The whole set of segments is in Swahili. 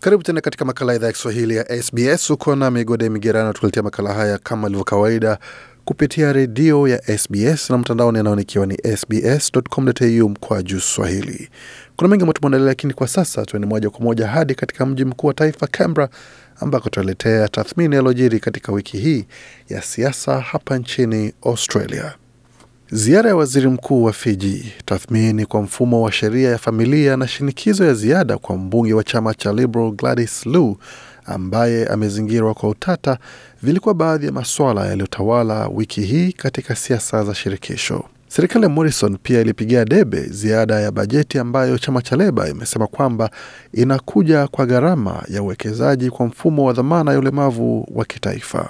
Karibu tena katika makala idhaa ya Kiswahili ya SBS. Uko na Migode Migerano tukuletea makala haya kama ilivyo kawaida kupitia redio ya SBS na mtandaoni ikiwa ni sbs.com.au mkwa juu Swahili. Kuna mengi ambayo tumeandalia, lakini kwa sasa tuende moja kwa moja hadi katika mji mkuu wa taifa Canberra, ambako tutaletea tathmini yaliyojiri katika wiki hii ya siasa hapa nchini Australia. Ziara ya waziri mkuu wa Fiji, tathmini kwa mfumo wa sheria ya familia na shinikizo ya ziada kwa mbunge wa chama cha Liberal Gladys Lu ambaye amezingirwa kwa utata, vilikuwa baadhi ya maswala yaliyotawala wiki hii katika siasa za shirikisho. Serikali ya Morrison pia ilipigia debe ziada ya bajeti ambayo chama cha Leba imesema kwamba inakuja kwa gharama ya uwekezaji kwa mfumo wa dhamana ya ulemavu wa kitaifa.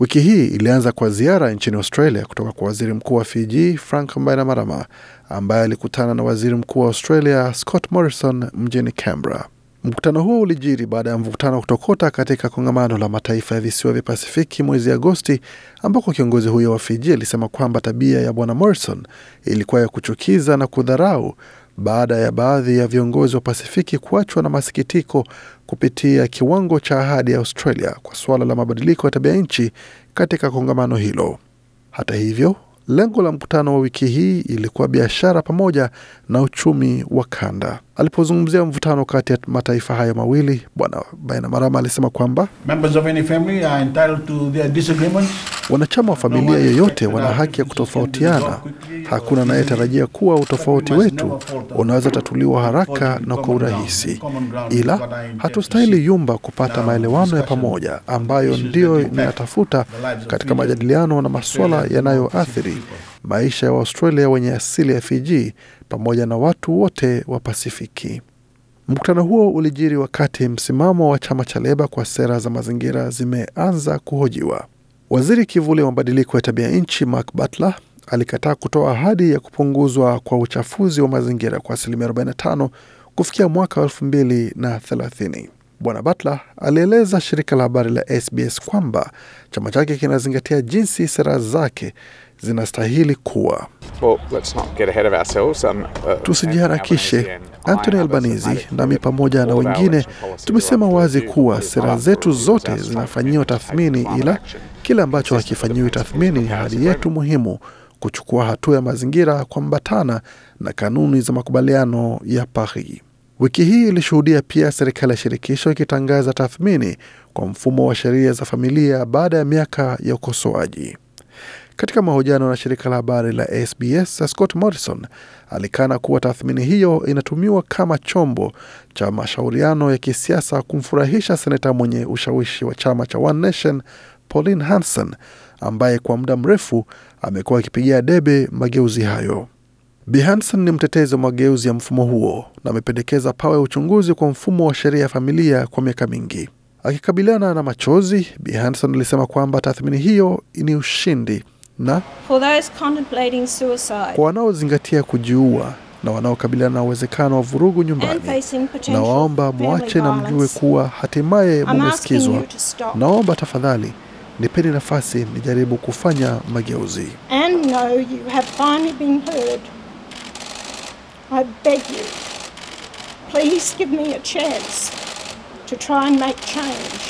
Wiki hii ilianza kwa ziara nchini Australia kutoka kwa waziri mkuu wa Fiji Frank Bainimarama ambaye alikutana na waziri mkuu wa Australia Scott Morrison mjini Canberra. Mkutano huo ulijiri baada ya mvutano wa kutokota katika kongamano la mataifa ya visiwa vya Pasifiki mwezi Agosti, ambako kiongozi huyo wa Fiji alisema kwamba tabia ya bwana Morrison ilikuwa ya kuchukiza na kudharau, baada ya baadhi ya viongozi wa Pasifiki kuachwa na masikitiko kupitia kiwango cha ahadi ya Australia kwa suala la mabadiliko ya tabia nchi katika kongamano hilo. Hata hivyo, lengo la mkutano wa wiki hii ilikuwa biashara pamoja na uchumi wa kanda. Alipozungumzia mvutano kati ya mataifa hayo mawili, Bwana Bainimarama alisema kwamba Members of any family are entitled to their disagreements Wanachama wa familia yoyote wana haki ya kutofautiana. Hakuna anayetarajia kuwa utofauti wetu unaweza tatuliwa haraka na kwa urahisi, ila hatustahili yumba kupata maelewano ya pamoja ambayo ndiyo inayatafuta katika majadiliano na masuala yanayoathiri maisha ya Waaustralia wenye asili ya Fiji pamoja na watu wote wa Pasifiki. Mkutano huo ulijiri wakati msimamo wa chama cha Leba kwa sera za mazingira zimeanza kuhojiwa. Waziri kivuli wa mabadiliko ya tabia nchi Mark Butler alikataa kutoa ahadi ya kupunguzwa kwa uchafuzi wa mazingira kwa asilimia 45 kufikia mwaka wa 2030. Bwana Butler alieleza shirika la habari la SBS kwamba chama chake kinazingatia jinsi sera zake zinastahili kuwa. Well, um, uh, tusijiharakishe. Anthony Albanese nami pamoja na wengine tumesema wazi kuwa sera zetu zote zinafanyiwa tathmini, ila kile ambacho hakifanyiwi tathmini ni hali yetu muhimu kuchukua hatua ya mazingira kuambatana na kanuni za makubaliano ya Paris. Wiki hii ilishuhudia pia serikali ya shirikisho ikitangaza tathmini kwa mfumo wa sheria za familia baada ya miaka ya ukosoaji. Katika mahojiano na shirika la habari la SBS, Scott Morrison alikana kuwa tathmini hiyo inatumiwa kama chombo cha mashauriano ya kisiasa kumfurahisha seneta mwenye ushawishi wa chama cha One Nation Pauline Hanson ambaye kwa muda mrefu amekuwa akipigia debe mageuzi hayo. Bi ni mtetezi wa mageuzi ya mfumo huo na amependekeza pawe uchunguzi kwa mfumo wa sheria ya familia kwa miaka mingi. Akikabiliana na machozi, Bi alisema kwamba tathmini hiyo ni ushindi na kwa wanaozingatia kujiua na wanaokabiliana na uwezekano wa vurugu nyumbani, na waomba mwache na mjue kuwa hatimaye mumesikizwa. Naomba tafadhali nipeni nafasi nijaribu kufanya mageuzi. And you have finally been heard. I beg you, please give me a chance to try and make change.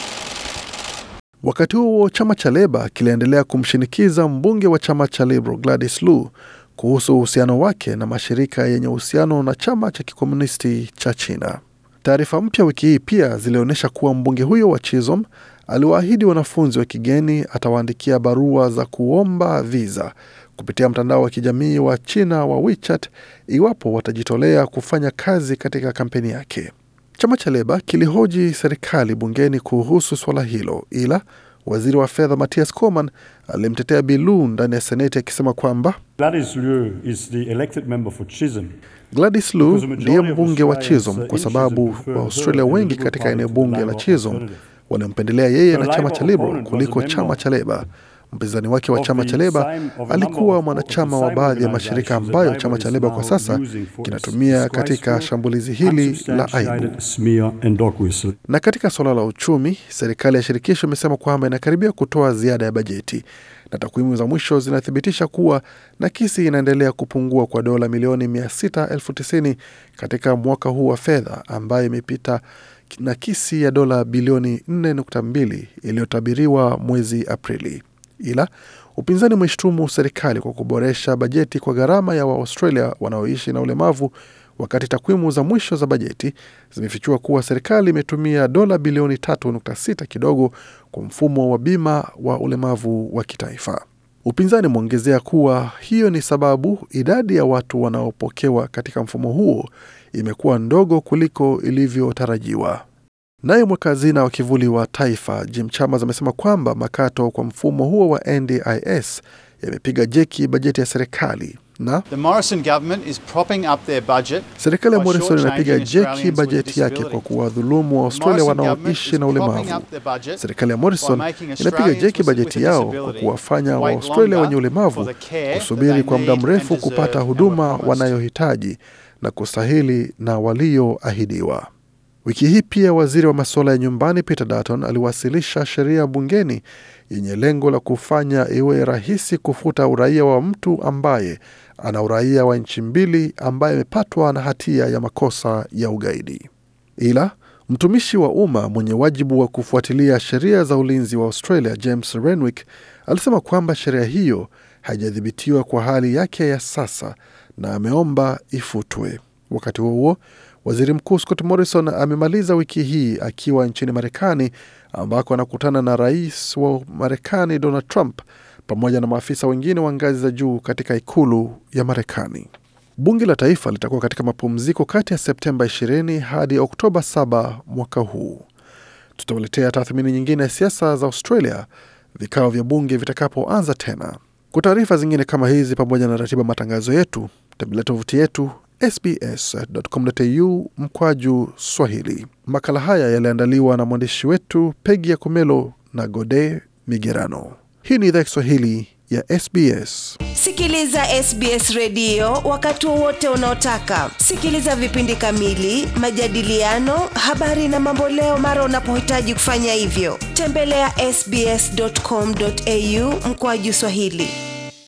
Wakati huo chama cha Leba kiliendelea kumshinikiza mbunge wa chama cha Liberal Gladys Lu kuhusu uhusiano wake na mashirika yenye uhusiano na chama cha kikomunisti cha China. Taarifa mpya wiki hii pia zilionyesha kuwa mbunge huyo wa Chisom aliwaahidi wanafunzi wa kigeni atawaandikia barua za kuomba viza kupitia mtandao wa kijamii wa China wa WeChat iwapo watajitolea kufanya kazi katika kampeni yake. Chama cha Leba kilihoji serikali bungeni kuhusu swala hilo, ila waziri wa fedha Mathias Coman alimtetea Bilu ndani ya seneti akisema kwamba Gladys Liu is the elected member for Chisholm. Gladys Liu ndiye mbunge wa Chisholm uh, kwa sababu Waaustralia wengi katika eneo bunge la Chisholm wanampendelea yeye na chama cha Liberal kuliko chama cha Leba. Mpinzani wake wa chama cha Leba alikuwa mwanachama wa baadhi ya mashirika ambayo chama cha Leba kwa sasa kinatumia katika shambulizi hili la aibu. Na katika suala la uchumi, serikali ya shirikisho imesema kwamba inakaribia kutoa ziada ya bajeti na takwimu za mwisho zinathibitisha kuwa nakisi inaendelea kupungua kwa dola milioni 690 katika mwaka huu wa fedha ambayo imepita nakisi ya dola bilioni 4.2 iliyotabiriwa mwezi Aprili ila upinzani umeshtumu serikali kwa kuboresha bajeti kwa gharama ya Waaustralia wanaoishi na ulemavu, wakati takwimu za mwisho za bajeti zimefichua kuwa serikali imetumia dola bilioni 3.6 kidogo kwa mfumo wa bima wa ulemavu wa kitaifa. Upinzani umeongezea kuwa hiyo ni sababu idadi ya watu wanaopokewa katika mfumo huo imekuwa ndogo kuliko ilivyotarajiwa. Naye mweka hazina wa kivuli wa taifa Jim Chalmers amesema kwamba makato kwa mfumo huo wa NDIS yamepiga jeki bajeti ya serikali na serikali ya Morrison inapiga jeki bajeti yake kwa kuwadhulumu Australia wanaoishi na ulemavu. Serikali ya Morrison inapiga jeki bajeti yao kwa kuwafanya Waaustralia wenye ulemavu kusubiri kwa muda mrefu kupata huduma wanayohitaji na kustahili na walioahidiwa. Wiki hii pia waziri wa masuala ya nyumbani Peter Dutton aliwasilisha sheria bungeni yenye lengo la kufanya iwe rahisi kufuta uraia wa mtu ambaye ana uraia wa nchi mbili ambaye amepatwa na hatia ya makosa ya ugaidi. Ila mtumishi wa umma mwenye wajibu wa kufuatilia sheria za ulinzi wa Australia, James Renwick, alisema kwamba sheria hiyo haijadhibitiwa kwa hali yake ya sasa na ameomba ifutwe. Wakati huo huo, Waziri Mkuu Scott Morrison amemaliza wiki hii akiwa nchini Marekani ambako anakutana na rais wa Marekani Donald Trump pamoja na maafisa wengine wa ngazi za juu katika ikulu ya Marekani. Bunge la Taifa litakuwa katika mapumziko kati ya Septemba 20 hadi Oktoba 7 mwaka huu. Tutawaletea tathmini nyingine ya siasa za Australia vikao vya bunge vitakapoanza tena. Kwa taarifa zingine kama hizi pamoja na ratiba matangazo yetu, tembelea tovuti yetu sbs.com.au mkwaju Swahili. Makala haya yaliandaliwa na mwandishi wetu Pegi ya kumelo na Gode Migerano. Hii ni idhaa Kiswahili ya SBS. Sikiliza SBS redio wakati wowote unaotaka. Sikiliza vipindi kamili, majadiliano, habari na mamboleo mara unapohitaji kufanya hivyo. Tembelea ya sbs.com.au mkoaju Swahili.